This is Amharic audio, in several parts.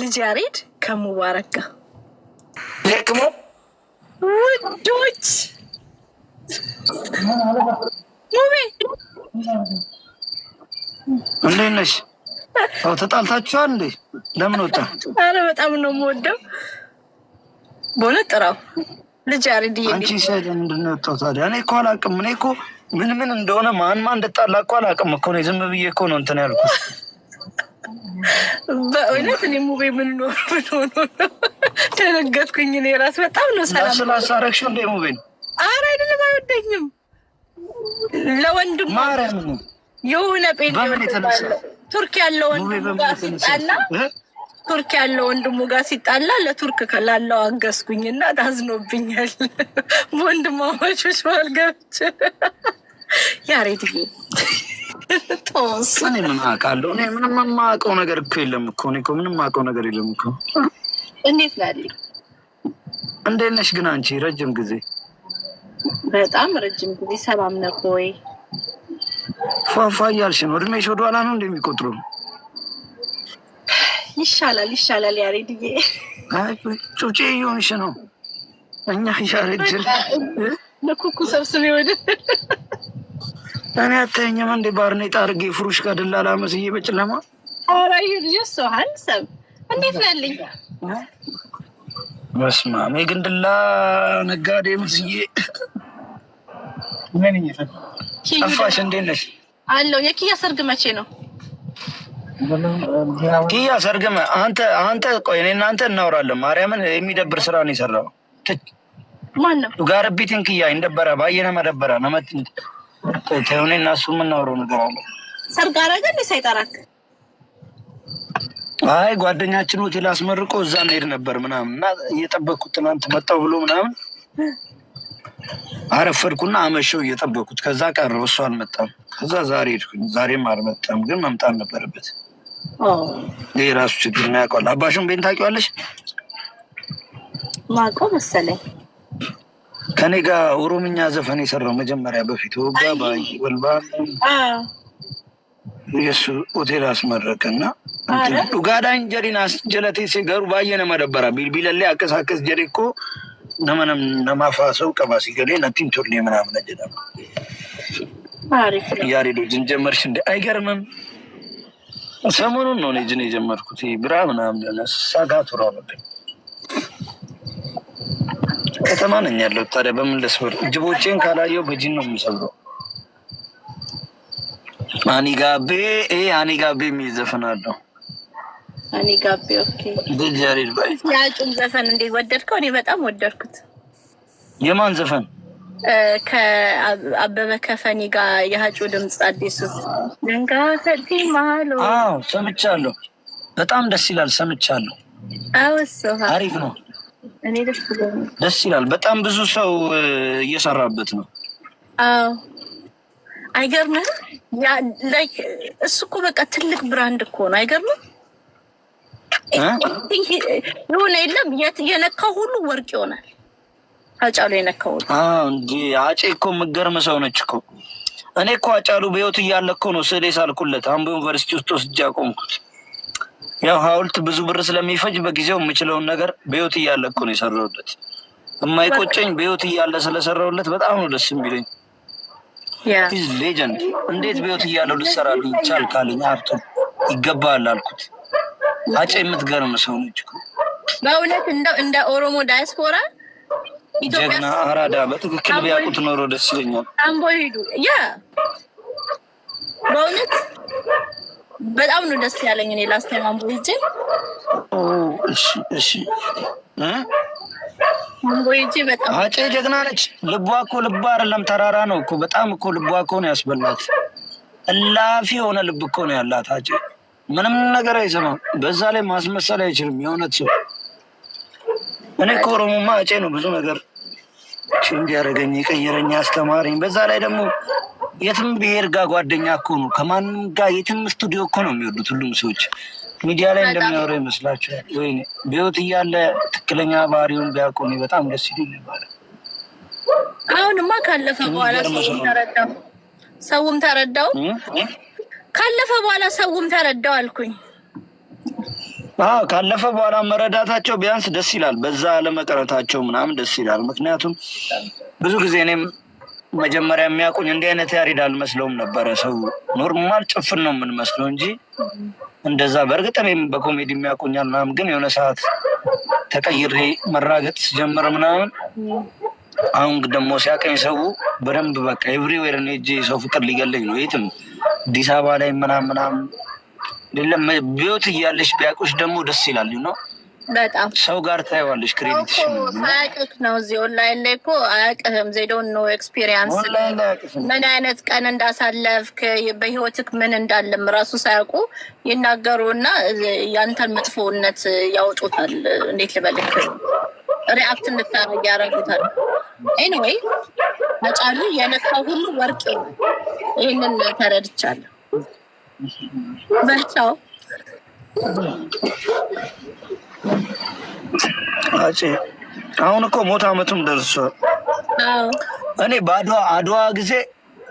ልጅ ያሬድ ከሙባረክ ጋር ደግሞ ውዶች ሙቤ እንዴት ነሽ? ያው ተጣልታችኋል እንዴ? ለምን ወጣ? አረ በጣም ነው የምወደው በእውነት ጥራው ልጅ ያሬድ። አንቺ ሴት ምንድን ነው የወጣው ታዲያ? እኔ እኮ አላውቅም። እኔ እኮ ምን ምን እንደሆነ ማን ማን እንደጣላ እኮ አላውቅም እኮ ነው። ዝም ብዬ እኮ ነው እንትን ያልኩት በእውነት እኔ ሙቤ ምን ኖር ምን ሆኖ ነው? ደነገጥኩኝ። እኔ ራስ በጣም ነው ሰላም ስላሳረግሽ እንደ ሙቤን አረ አይደለም፣ አይወደኝም ለወንድሙ የሆነ ቱርክ ያለ ወንድሙ ጋር ሲጣላ ቱርክ ያለ ወንድሙ ጋር ሲጣላ ለቱርክ ከላለው አንገስኩኝ እና ታዝኖብኛል። በወንድማማቾች መሃል ገብቼ ያሬድዬ እኔ ምን አውቃለሁ? እኔ ምንም የማውቀው ነገር እኮ የለም እኮ እኔ እኮ ምንም የማውቀው ነገር የለም እኮ። እንዴት ናለ? እንዴት ነሽ ግን አንቺ? ረጅም ጊዜ በጣም ረጅም ጊዜ ሰላም ነህ ወይ? ፏፏ እያልሽ ነው። እድሜሽ ወደኋላ ነው እንደሚቆጥሩ ይሻላል ይሻላል። ያሬድዬ ጩጬ እየሆንሽ ነው። እኛ ያሬድል ለኩኩ ሰብስቤ ወደ እኔ አታየኝም እንዴ? ባርኔጣ አድርጌ ፍሩሽ ከደላላ መስዬ በጨለማ አራዩ ልጅ ሰሃል ሰብ እንዴት ነልኝ? በስመ አብ የግንድላ ነጋዴ መስዬ ጠፋሽ። እንዴት ነሽ? አለው የኪያ ሰርግ መቼ ነው? ኪያ ሰርግ አንተ አንተ ቆይ እኔ እናንተ እናወራለን። ማርያምን የሚደብር ስራ ነው የሰራው። ማነው ቢትን ኪያ እንደበረ ባየነ መደበረ ነመት ከሆነ እና እሱ ነገር አለ። ሰርግ አረገ እንዴ ሳይጠራክ? አይ ጓደኛችን ሆቴል አስመርቆ እዛ እንሄድ ነበር ምናምን እና እየጠበቅኩት ትናንት መጣው ብሎ ምናምን አረፈድኩና አመሸው እየጠበቅኩት። ከዛ ቀረው እሱ አልመጣም። ከዛ ዛሬ ሄድኩኝ። ዛሬም አልመጣም፣ ግን መምጣት ነበረበት። ይህ ራሱ ችግር ነው ያውቀዋል። አባሽን ቤን ታውቂዋለሽ? ማውቀው መሰለኝ ከኔ ጋር ኦሮምኛ ዘፈን የሰራው መጀመሪያ በፊት ወጋ ባይ ወልባ የሱ ሆቴል አስመረቀ እና ዱጋዳ እንጀሪን አስጀለቴ ሲገሩ ባየ መደበራ ቢልቢለሌ አቀሳቀስ ጀሬ እኮ ነመነም ነማፋ ሰው ቀባ ሲገሌ ነቲን ቶርኔ ምናምን ጀዳ ያሬዶ ጅን ጀመርሽ እንደ አይገርምም። ሰሞኑን ነው ጅን የጀመርኩት ብራ ምናምን ሳጋቱራ ነበር ከተማ ነኝ ያለው። ታዲያ በምን ልስብር? ጅቦቼን ካላየው በጅን ነው የምሰብረው። አኒጋቤ ይሄ አኒጋቤ የሚል ዘፈን አለው። አኒጋቤ ያጩም ዘፈን እንዴት ወደድከው? እኔ በጣም ወደድኩት። የማን ዘፈን? ከአበበ ከፈኒ ጋር የሀጩ ድምፅ አዲሱ ደንጋሰቲ ማሉ ሰምቻለሁ። በጣም ደስ ይላል። ሰምቻለሁ። አሪፍ ነው። ደስ ይላል። በጣም ብዙ ሰው እየሰራበት ነው። አይገርምህ? እሱ እኮ በቃ ትልቅ ብራንድ እኮ ነው። አይገርምም? የሆነ የለም የነካው ሁሉ ወርቅ ይሆናል። አጫሉ የነካው ሁሉ እንዲ አጬ እኮ የምገርም ሰው ነች እኮ። እኔ እኮ አጫሉ በህይወት እያለ እኮ ነው ስዕል ሳልኩለት አምቦ ዩኒቨርሲቲ ውስጥ ወስጄ አቆምኩት። ያው ሀውልት ብዙ ብር ስለሚፈጅ በጊዜው የምችለውን ነገር በህይወት እያለ እኮ ነው የሰራሁለት። የማይቆጨኝ በህይወት እያለ ስለሰራሁለት በጣም ነው ደስ የሚለኝ። ሌጀንድ እንዴት በህይወት እያለው ልሰራሉ ይቻል ካለኝ አርቶ ይገባል አልኩት። አጨ የምትገርም ሰው ነች በእውነት እንደ ኦሮሞ ዳያስፖራ ጀግና አራዳ በትክክል ቢያውቁት ኖሮ ደስ ይለኛል። አምቦ ሄዱ ያ በእውነት በጣም ነው ደስ ያለኝ። እኔ ታይም አምቦ እሺ አምቦ ሂጄ በጣም አጨ ጀግና ነች። ልቧ እኮ ልቧ አይደለም ተራራ ነው እኮ በጣም እኮ ልቧ እኮ ነው ያስበላት። እላፊ የሆነ ልብ እኮ ነው ያላት አጨ። ምንም ነገር አይሰማም። በዛ ላይ ማስመሰል አይችልም። የእውነት ሰው እኔ እኮ ኦሮሞማ አጬ ነው ብዙ ነገር ችንድ ያደረገኝ የቀየረኝ አስተማሪኝ። በዛ ላይ ደግሞ የትም ብሄር ጋር ጓደኛ እኮ ነው፣ ከማንም ጋር የትም ስቱዲዮ እኮ ነው የሚወዱት ሁሉም ሰዎች። ሚዲያ ላይ እንደሚያወራው ይመስላቸዋል። ወይ? ቢወት እያለ ትክክለኛ ባህሪውን ቢያውቁ በጣም ደስ ይለኝ ነበረ። አሁንማ ካለፈ በኋላ ሰውም ተረዳው፣ ሰውም ተረዳው። ካለፈ በኋላ ሰውም ተረዳው አልኩኝ። ካለፈ በኋላ መረዳታቸው ቢያንስ ደስ ይላል። በዛ አለመቅረታቸው ምናምን ደስ ይላል። ምክንያቱም ብዙ ጊዜ እኔም መጀመሪያ የሚያውቁኝ እንዲህ አይነት ያሬድ አልመስለውም ነበረ። ሰው ኖርማል ጭፍን ነው የምንመስለው እንጂ እንደዛ በእርግጥ እኔም በኮሜዲ የሚያውቁኛል ምናምን፣ ግን የሆነ ሰዓት ተቀይሬ መራገጥ ስጀምር ምናምን አሁን ደግሞ ሲያቀኝ ሰው በደንብ በቃ ኤቭሪዌር እኔ እጄ ሰው ፍቅር ሊገለኝ ነው። የትም አዲስ አበባ ላይ ምናምን ምናምን ቢወት እያለች ቢያውቁሽ ደግሞ ደስ ይላል ነው በጣም ሰው ጋር ታየዋለሽ። ክሬዲት ሳያቅህ ነው። እዚህ ኦንላይን ላይ እኮ አያቅህም። ዜዶን ነው ኤክስፒሪየንስ ምን አይነት ቀን እንዳሳለፍክ በህይወትክ ምን እንዳለም ራሱ ሳያውቁ ይናገሩ እና ያንተን መጥፎነት ያወጡታል። እንዴት ልበልክ? ሪአክት እንድታረግ ያረጉታል። ኤኒዌይ መጫሉ የነካው ሁሉ ወርቅ ይህንን ተረድቻለሁ። በቻው አፄ አሁን እኮ ሞት አመቱም ደርሷል። እኔ በአድዋ አድዋ ጊዜ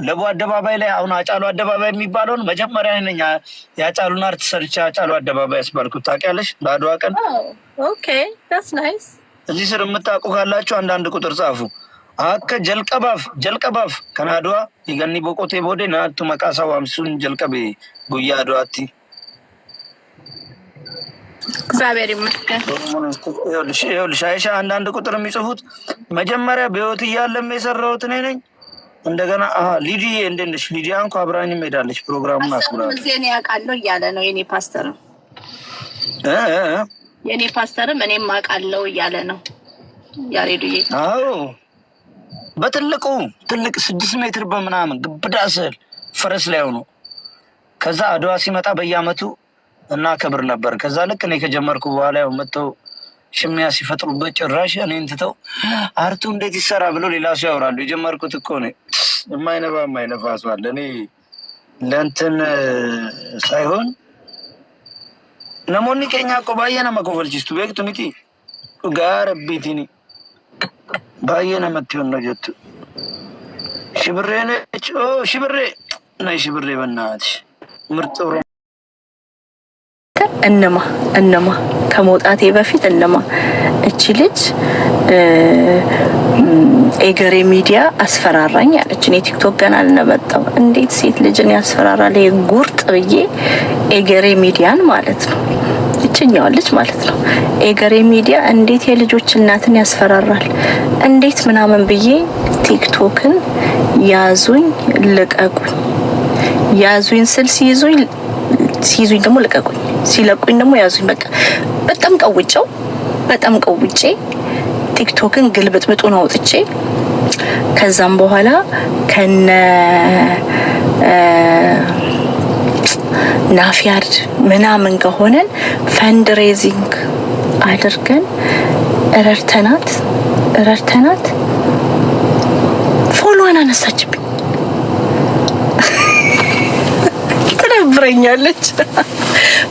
ለቡ አደባባይ ላይ አሁን አጫሉ አደባባይ የሚባለውን መጀመሪያ ነኝ የአጫሉን አርት ሰርቼ አጫሉ አደባባይ ያስባልኩት ታውቂያለሽ። በአድዋ ቀን እዚህ ስር የምታውቁ ካላችሁ አንዳንድ ቁጥር ጻፉ። አከ ጀልቀባፍ ጀልቀባፍ ከናድዋ የገኒ ቦቆቴ ቦዴ ናቱ መቃሳው አምሱን ጀልቀቤ ጉያ አድዋቲ እግዚአብሔር ይመስገን። ይኸውልሽ አንዳንድ ቁጥር የሚጽፉት መጀመሪያ በህይወት እያለም የሰራሁት እኔ ነኝ። እንደገና ሊዲዬ እንዴት ነሽ? ሊዲያ እንኳ አብራኝ ሄዳለች። ፕሮግራሙ አስራዜን ያውቃለሁ እያለ ነው የኔ ፓስተርም የእኔ ፓስተርም እኔም አውቃለሁ እያለ ነው ያሬዱዬ። አዎ በትልቁ ትልቅ ስድስት ሜትር በምናምን ግብዳ ስል ፈረስ ላይ ሆኖ ከዛ አድዋ ሲመጣ በየአመቱ እናከብር ነበር። ከዛ ልክ እኔ ከጀመርኩ በኋላ ያው መጥተው ሽሚያ ሲፈጥሩበት ጭራሽ እኔን ትተው አርቱ እንዴት ይሰራ ብሎ ሌላ ሰው ያወራሉ። የጀመርኩት እኮ ነው የማይነባ የማይነፋ ሰዋል እኔ ለእንትን ሳይሆን ለሞኒ ኬኛ እኮ ባየነ መኮፈልችስቱ ቤክቱ ሚቲ ጋር ቢቲኒ ባየነ መትሆን ነው ጀቱ ሽብሬ ነች ሽብሬ ናይ ሽብሬ በናት ምርጥ እነማ እነማ ከመውጣቴ በፊት እነማ እቺ ልጅ ኤገሬ ሚዲያ አስፈራራኝ አለች። እኔ ቲክቶክ ገና አልነበጣው። እንዴት ሴት ልጅን ያስፈራራል? ጉርጥ ብዬ ኤገሬ ሚዲያን ማለት ነው ይችኛዋ ልጅ ማለት ነው። ኤገሬ ሚዲያ እንዴት የልጆች እናትን ያስፈራራል? እንዴት ምናምን ብዬ ቲክቶክን ያዙኝ ልቀቁኝ፣ ያዙኝ ስል ሲይዙኝ ሲይዙኝ ደግሞ ልቀቁኝ፣ ሲለቁኝ ደግሞ ያዙኝ። በቃ በጣም ቀውጨው፣ በጣም ቀውጬ ቲክቶክን ግልብጥብጡን አውጥቼ ከዛም በኋላ ከነ ናፊያድ ምናምን ከሆነን ፈንድሬዚንግ አድርገን ረድተናት ረድተናት ፎሎዋን አነሳችብኝ። ትሰብረኛለች።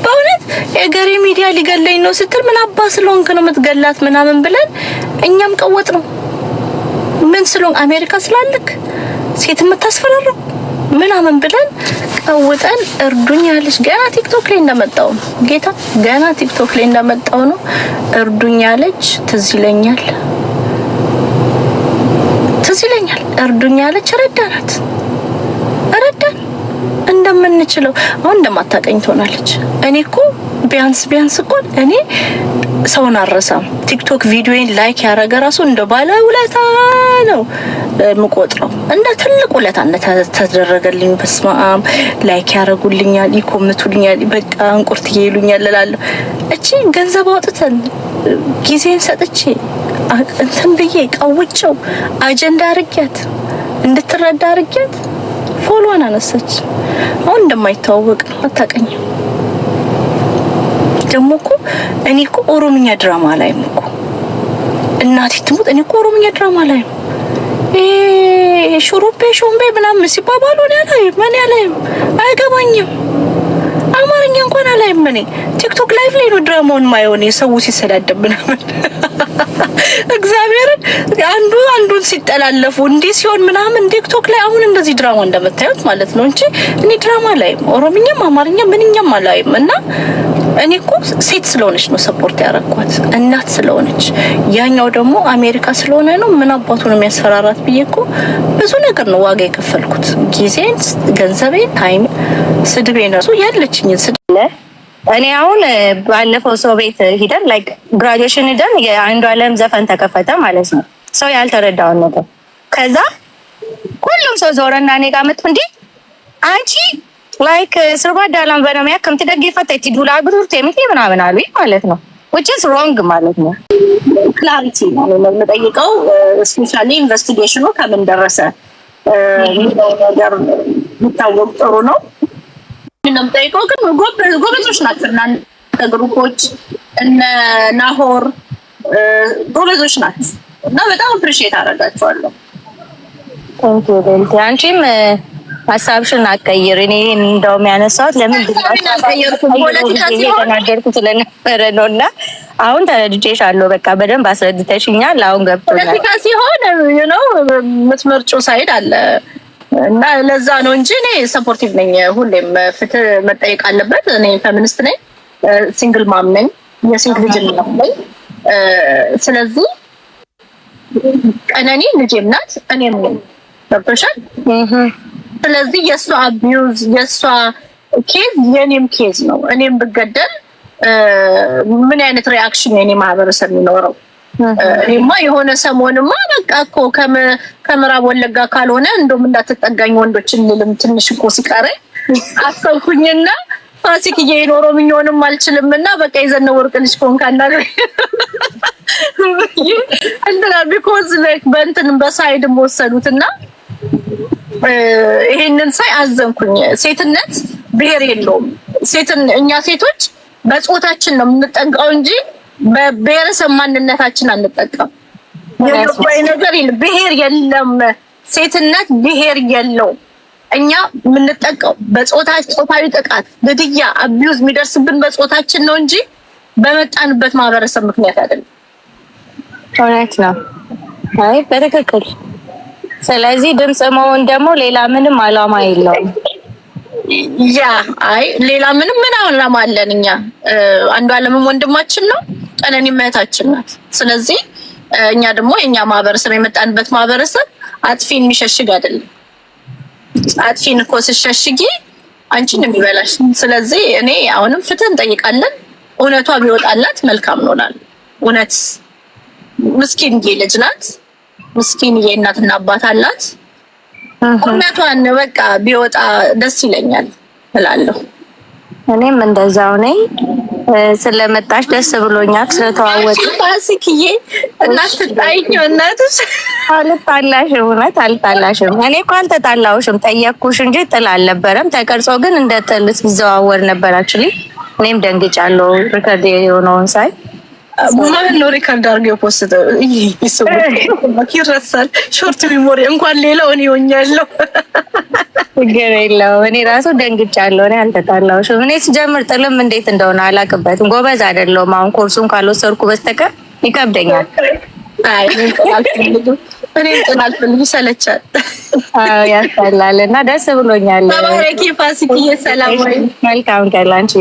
በእውነት የገሬ ሚዲያ ሊገለኝ ነው ስትል ምን አባ ስለሆንክ ነው የምትገላት ምናምን ብለን እኛም ቀወጥ ነው። ምን ስለሆን አሜሪካ ስላልክ ሴት የምታስፈራረው ምናምን ብለን ቀውጠን እርዱኝ ያለች ገና ቲክቶክ ላይ እንደመጣው ነው። ጌታ ገና ቲክቶክ ላይ እንደመጣው ነው እርዱኝ ያለች ትዝ ይለኛል፣ ትዝ ይለኛል። እርዱኝ ያለች ረዳናት። እንደምንችለው አሁን እንደማታቀኝ ትሆናለች። እኔ እኮ ቢያንስ ቢያንስ እኮ እኔ ሰውን አረሳም። ቲክቶክ ቪዲዮን ላይክ ያረገ ራሱ እንደ ባለ ውለታ ነው የምቆጥረው፣ እንደ ትልቅ ውለታ እንደተደረገልኝ። በስመ አብ ላይክ ያደረጉልኛል፣ ይኮምቱልኛል፣ በቃ እንቁርት ይሉኛል እላለሁ። እቺ ገንዘብ አውጥተን ጊዜን ሰጥቼ እንትን ብዬ ቀውጨው አጀንዳ አርጊያት እንድትረዳ አርጊያት ፎሎዋን አነሳች። አሁን እንደማይተዋወቅ ነው። አታውቀኝም ደግሞ እኮ እኔ እኮ ኦሮምኛ ድራማ ላይም እኮ እናቴ ትሙት እኔ እኮ ኦሮምኛ ድራማ ላይ ነው ሹሩቤ ሾምቤ ምናምን ሲባባሉ እኔ አላይም፣ እኔ አላይም፣ አይገባኝም። መዝናኛ እንኳን አላይም። ቲክቶክ ላይፍ ላይ ነው ድራማውን ማየሆን የሰው ሲሰዳደብ ምናምን እግዚአብሔርን አንዱ አንዱን ሲጠላለፉ እንዲህ ሲሆን ምናምን ቲክቶክ ላይ አሁን እንደዚህ ድራማ እንደምታዩት ማለት ነው እንጂ እኔ ድራማ ላይም ኦሮምኛም አማርኛም ምንኛም አላይም እና እኔ እኮ ሴት ስለሆነች ነው ሰፖርት ያደረኳት፣ እናት ስለሆነች። ያኛው ደግሞ አሜሪካ ስለሆነ ነው። ምን አባቱ ነው የሚያስፈራራት ብዬ እኮ ብዙ ነገር ነው ዋጋ የከፈልኩት፣ ጊዜን፣ ገንዘቤን፣ ታይም፣ ስድቤ ነሱ ያለችኝን ስድ እኔ አሁን ባለፈው ሰው ቤት ሂደን ላይክ ግራጁዌሽን ሂደን የአንዱ አለም ዘፈን ተከፈተ ማለት ነው። ሰው ያልተረዳውን ነገር ከዛ ሁሉም ሰው ዞረና እኔ ጋር መጥቶ እንዲህ አንቺ ላይክ ስርባዳ ላንበረሚያ ከምትደግፈት ቲዱላ ብሩርት የሚት ምናምን አሉ ማለት ነው። ዊችስ ሮንግ ማለት ነው። ክላሪቲ ነው የምጠይቀው። ስፔሻሊ ኢንቨስቲጌሽኑ ከምን ደረሰ ነገር የሚታወቅ ጥሩ ነው። ምንም ጠይቀው ግን ጎበዞች ናቸው እና ከግሩፖች እነ ናሆር ጎበዞች ናቸው እና በጣም አፕሪሺየት አደርጋቸዋለሁ። አንቺም ሀሳብሽን አቀይር። እኔ እንደውም ያነሳሁት ለምን ስለነበረ ነው። እና አሁን ተረድቼሽ ተረድቼሻለሁ። በቃ በደንብ አስረድተሽኛል። አሁን ገብቶኛል። ፖለቲካ ሲሆን ነው የምትመርጪው ሳይድ አለ እና ለዛ ነው እንጂ እኔ ሰፖርቲቭ ነኝ። ሁሌም ፍትህ መጠየቅ አለበት። እኔ ፌሚኒስት ነኝ፣ ሲንግል ማም ነኝ፣ የሲንግል ልጅ ነኝ። ስለዚህ ቀነኔ ልጄም ናት እኔም ነኝ። ገብቶሻል ስለዚህ የእሷ አቢዩዝ የእሷ ኬዝ የእኔም ኬዝ ነው። እኔም ብገደል ምን አይነት ሪያክሽን የኔ ማህበረሰብ የሚኖረው? እኔማ የሆነ ሰሞንማ በቃ እኮ ከምዕራብ ወለጋ ካልሆነ እንደውም እንዳትጠጋኝ ወንዶች ልልም ትንሽ እኮ ሲቀረኝ አሰብኩኝና ፋሲክዬ የኖረው ምኞንም አልችልም እና በቃ የዘነው ወርቅ ልጅ ከሆንክ እንትና ቢኮዝ ላይክ በእንትን በሳይድም ወሰዱትና ይሄንን ሳይ አዘንኩኝ። ሴትነት ብሔር የለውም። ሴትን እኛ ሴቶች በጾታችን ነው የምንጠቃው እንጂ በብሄረሰብ ማንነታችን አንጠቃም። ነገር የለም። ሴትነት ብሄር የለውም። እኛ የምንጠቀው በጾታ ጾታዊ ጥቃት፣ ግድያ፣ አቢዩዝ የሚደርስብን በጾታችን ነው እንጂ በመጣንበት ማህበረሰብ ምክንያት አይደለም። እውነት ነው። አይ በትክክል ስለዚህ ድምፅ መሆን ደግሞ ሌላ ምንም አላማ የለውም። ያ አይ ሌላ ምንም ምን አላማ አለን እኛ? አንዱዓለምም ወንድማችን ነው፣ ቀነኒ እህታችን ናት። ስለዚህ እኛ ደግሞ እኛ ማህበረሰብ የመጣንበት ማህበረሰብ አጥፊን የሚሸሽግ አይደለም። አጥፊን እኮ ስሸሽጊ አንቺን የሚበላሽ። ስለዚህ እኔ አሁንም ፍትህ እንጠይቃለን። እውነቷ ቢወጣላት መልካም ነው እውነት ምስኪን ልጅ ናት። ምስኪን የእናትና አባት አላት። ቁመቷን በቃ ቢወጣ ደስ ይለኛል እላለሁ። እኔም እንደዛው ነኝ። ስለመጣሽ ደስ ብሎኛል። ስለተዋወቅ ባስክዬ እናትጣይኝ እናትሽ አልጣላሽም፣ እውነት አልጣላሽም። እኔ እኮ አልተጣላሁሽም፣ ጠየቅኩሽ እንጂ ጥል አልነበረም። ተቀርጾ ግን እንደ ጥል ሲዘዋወር ነበር። አክቹሊ እኔም ደንግጫለሁ ሪከርድ የሆነውን ሳይ ማን ነው ሪከርድ አድርገው የፖስተው? ይረሳል። ሾርት ሚሞሪ እንኳን ሌላው እኔ ሆኛለሁ። ችግር የለውም። እኔ ራሱ ደንግጫለሁ። እኔ አልተጣላሁሽም። እኔ ስጀምር ጥልም እንዴት እንደሆነ አላውቅበትም። ጎበዝ አይደለሁም። አሁን ኮርሱን ካልወሰድኩ በስተቀር ይከብደኛል። አይ እኔ እንትን አልፈልግም፣ ይሰለቻል፣ ያስጠላል። እና ደስ ብሎኛል። መልካም ቀን ላንቺ።